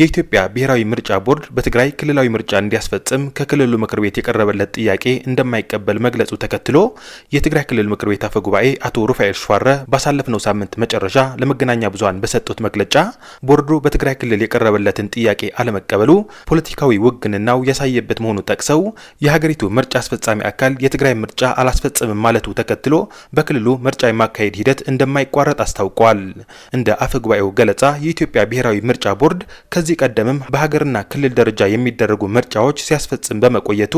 የኢትዮጵያ ብሔራዊ ምርጫ ቦርድ በትግራይ ክልላዊ ምርጫ እንዲያስፈጽም ከክልሉ ምክር ቤት የቀረበለት ጥያቄ እንደማይቀበል መግለጹ ተከትሎ የትግራይ ክልል ምክር ቤት አፈ ጉባኤ አቶ ሩፋኤል ሸዋረ ባሳለፍነው ሳምንት መጨረሻ ለመገናኛ ብዙሃን በሰጡት መግለጫ ቦርዱ በትግራይ ክልል የቀረበለትን ጥያቄ አለመቀበሉ ፖለቲካዊ ውግንናው ያሳየበት መሆኑ ጠቅሰው የሀገሪቱ ምርጫ አስፈጻሚ አካል የትግራይ ምርጫ አላስፈጽምም ማለቱ ተከትሎ በክልሉ ምርጫ የማካሄድ ሂደት እንደማይቋረጥ አስታውቋል። እንደ አፈ ጉባኤው ገለጻ የኢትዮጵያ ብሔራዊ ምርጫ ቦርድ ከዚህ ቀደምም በሀገርና ክልል ደረጃ የሚደረጉ ምርጫዎች ሲያስፈጽም በመቆየቱ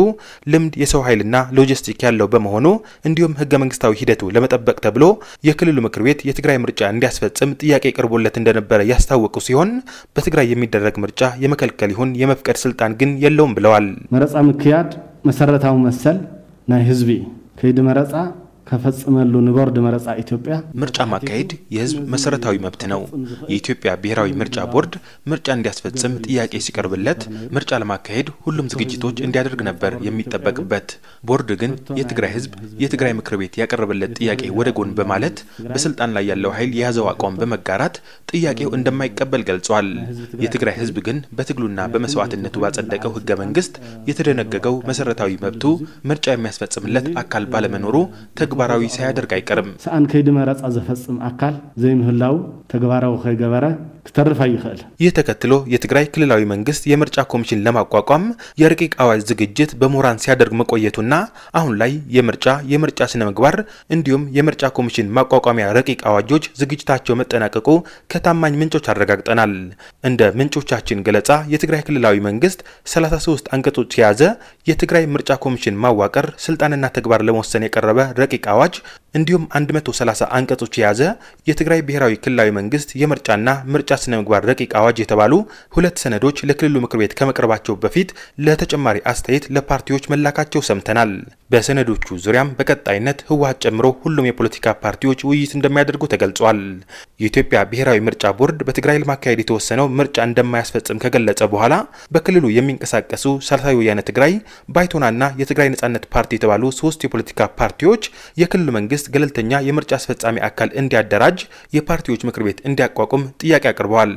ልምድ፣ የሰው ኃይልና ሎጂስቲክ ያለው በመሆኑ እንዲሁም ህገ መንግስታዊ ሂደቱ ለመጠበቅ ተብሎ የክልሉ ምክር ቤት የትግራይ ምርጫ እንዲያስፈጽም ጥያቄ ቀርቦለት እንደነበረ ያስታወቁ ሲሆን በትግራይ የሚደረግ ምርጫ የመከልከል ይሁን የመፍቀድ ስልጣን ግን የለውም ብለዋል። መረፃ ምክያድ መሰረታዊ መሰል ናይ ህዝቢ ከይድ መረፃ ከፈጽመሉ ንቦርድ መረጻ ኢትዮጵያ ምርጫ ማካሄድ የህዝብ መሰረታዊ መብት ነው። የኢትዮጵያ ብሔራዊ ምርጫ ቦርድ ምርጫ እንዲያስፈጽም ጥያቄ ሲቀርብለት ምርጫ ለማካሄድ ሁሉም ዝግጅቶች እንዲያደርግ ነበር የሚጠበቅበት። ቦርድ ግን የትግራይ ህዝብ የትግራይ ምክር ቤት ያቀረበለት ጥያቄ ወደ ጎን በማለት በስልጣን ላይ ያለው ኃይል የያዘው አቋም በመጋራት ጥያቄው እንደማይቀበል ገልጿል። የትግራይ ህዝብ ግን በትግሉና በመስዋዕትነቱ ባጸደቀው ህገ መንግስት የተደነገገው መሰረታዊ መብቱ ምርጫ የሚያስፈጽምለት አካል ባለመኖሩ ተግባ ተግባራዊ ሳያደርግ አይቀርም ሰአን ከይድመረፃ ዘፈጽም አካል ዘይምህላው ተግባራዊ ከይገበረ ክተርፋ ይኽእል ይህ ተከትሎ የትግራይ ክልላዊ መንግስት የምርጫ ኮሚሽን ለማቋቋም የረቂቅ አዋጅ ዝግጅት በምሁራን ሲያደርግ መቆየቱና አሁን ላይ የምርጫ የምርጫ ስነ ምግባር እንዲሁም የምርጫ ኮሚሽን ማቋቋሚያ ረቂቅ አዋጆች ዝግጅታቸው መጠናቀቁ ከታማኝ ምንጮች አረጋግጠናል። እንደ ምንጮቻችን ገለጻ የትግራይ ክልላዊ መንግስት 33 አንቀጾች የያዘ የትግራይ ምርጫ ኮሚሽን ማዋቀር ስልጣንና ተግባር ለመወሰን የቀረበ ረቂቅ አዋጅ እንዲሁም 130 አንቀጾች የያዘ የትግራይ ብሔራዊ ክልላዊ መንግስት የምርጫና ምርጫ የምርጫ ስነ ምግባር ረቂቅ አዋጅ የተባሉ ሁለት ሰነዶች ለክልሉ ምክር ቤት ከመቅረባቸው በፊት ለተጨማሪ አስተያየት ለፓርቲዎች መላካቸው ሰምተናል። በሰነዶቹ ዙሪያም በቀጣይነት ህወሀት ጨምሮ ሁሉም የፖለቲካ ፓርቲዎች ውይይት እንደሚያደርጉ ተገልጿል። የኢትዮጵያ ብሔራዊ ምርጫ ቦርድ በትግራይ ለማካሄድ የተወሰነው ምርጫ እንደማያስፈጽም ከገለጸ በኋላ በክልሉ የሚንቀሳቀሱ ሳልሳዊ ወያነ ትግራይ፣ ባይቶናና የትግራይ ነጻነት ፓርቲ የተባሉ ሶስት የፖለቲካ ፓርቲዎች የክልሉ መንግስት ገለልተኛ የምርጫ አስፈጻሚ አካል እንዲያደራጅ የፓርቲዎች ምክር ቤት እንዲያቋቁም ጥያቄ አቅርበዋል።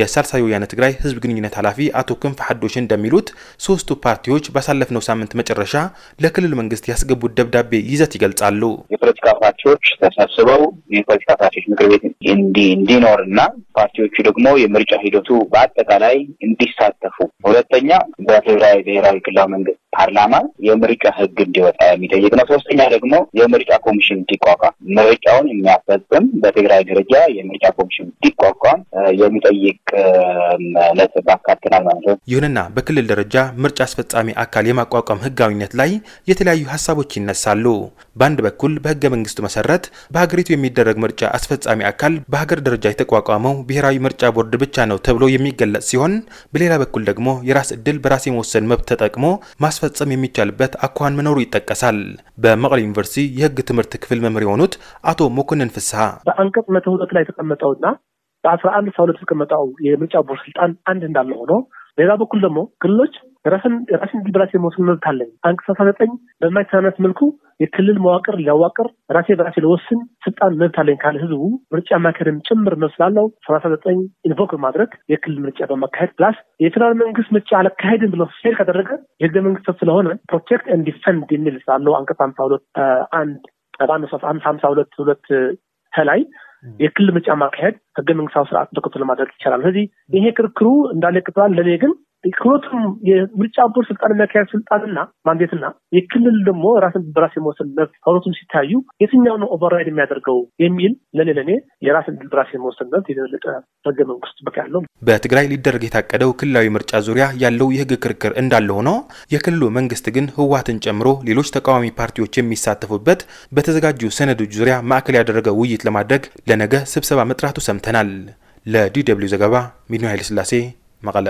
የሳልሳዊ ወያነ ትግራይ ህዝብ ግንኙነት ኃላፊ አቶ ክንፍ ሐዶሽ እንደሚሉት ሶስቱ ፓርቲዎች ባሳለፍነው ሳምንት መጨረሻ ለክልሉ መንግስት መንግስት ያስገቡት ደብዳቤ ይዘት ይገልጻሉ። የፖለቲካ ፓርቲዎች ተሰብስበው የፖለቲካ ፓርቲዎች ምክር ቤት እንዲኖር እና ፓርቲዎቹ ደግሞ የምርጫ ሂደቱ በአጠቃላይ እንዲሳተፉ፣ ሁለተኛ በትግራይ ብሔራዊ ክልላዊ መንግስት ፓርላማ የምርጫ ህግ እንዲወጣ የሚጠይቅ ነው። ሶስተኛ ደግሞ የምርጫ ኮሚሽን እንዲቋቋም ምርጫውን የሚያስፈጽም በትግራይ ደረጃ የምርጫ ኮሚሽን እንዲቋቋም የሚጠይቅ ነጥብ አካትናል ማለት ነው። ይሁንና በክልል ደረጃ ምርጫ አስፈጻሚ አካል የማቋቋም ህጋዊነት ላይ የተለያዩ ሀሳቦች ይነሳሉ። በአንድ በኩል በህገ መንግስቱ መሰረት በሀገሪቱ የሚደረግ ምርጫ አስፈጻሚ አካል በሀገር ደረጃ የተቋቋመው ብሔራዊ ምርጫ ቦርድ ብቻ ነው ተብሎ የሚገለጽ ሲሆን፣ በሌላ በኩል ደግሞ የራስ እድል በራስ የመወሰን መብት ተጠቅሞ ማስፈ ማስፈጸም የሚቻልበት አኳን መኖሩ ይጠቀሳል። በመቀሌ ዩኒቨርሲቲ የህግ ትምህርት ክፍል መምህር የሆኑት አቶ መኮንን ፍስሀ በአንቀጽ መቶ ሁለት ላይ የተቀመጠውና በአስራ አንድ ሰሁለት የተቀመጠው የምርጫ ቦርድ ስልጣን አንድ እንዳለ ሆኖ፣ ሌላ በኩል ደግሞ ክልሎች ራስን ራስን በራሴ መወሰን መብት አለኝ። አንቀጽ አስራ ዘጠኝ በማይተናነስ መልኩ የክልል መዋቅር ሊያዋቅር ራሴ በራሴ ለወስን ስልጣን መብት አለኝ ካለ ህዝቡ ምርጫ ማካሄድም ጭምር መብት ስላለው ሰላሳ ዘጠኝ ኢንቮክ በማድረግ የክልል ምርጫ በማካሄድ ፕላስ የፌዴራል መንግስት ምርጫ አላካሄድም ብሎ ሴድ ካደረገ የህገ መንግስት ስለሆነ ፕሮቴክት ኤንድ ዲፈንድ የሚል ስላለው አንቀጽ ሀምሳ ሁለት አንድ አንድ ሀምሳ ሁለት ሁለት ተላይ የክልል ምርጫ ማካሄድ ህገ መንግስታዊ ስርዓት ተከትሎ ማድረግ ይቻላል። ስለዚህ ይሄ ክርክሩ እንዳለ ይቀጥላል። ለእኔ ግን ክሎቱም የምርጫ ቦርድ ስልጣን የሚያካሄድ ስልጣንና ማንዴትና የክልል ደግሞ ራስን በራስ የመወሰን መብት ሁለቱም ሲታዩ የትኛው ነው ኦቨርራይድ የሚያደርገው የሚል ለኔ ለኔ የራስን በራስ የመወሰን መብት የተለጠ ህገ መንግስት በቃ ያለው። በትግራይ ሊደረግ የታቀደው ክልላዊ ምርጫ ዙሪያ ያለው የህግ ክርክር እንዳለ ሆኖ የክልሉ መንግስት ግን ህወሓትን ጨምሮ ሌሎች ተቃዋሚ ፓርቲዎች የሚሳተፉበት በተዘጋጁ ሰነዶች ዙሪያ ማዕከል ያደረገ ውይይት ለማድረግ ለነገ ስብሰባ መጥራቱ ሰምተናል። ለዲ ደብልዩ ዘገባ ሚሊዮን ኃይለስላሴ መቀለ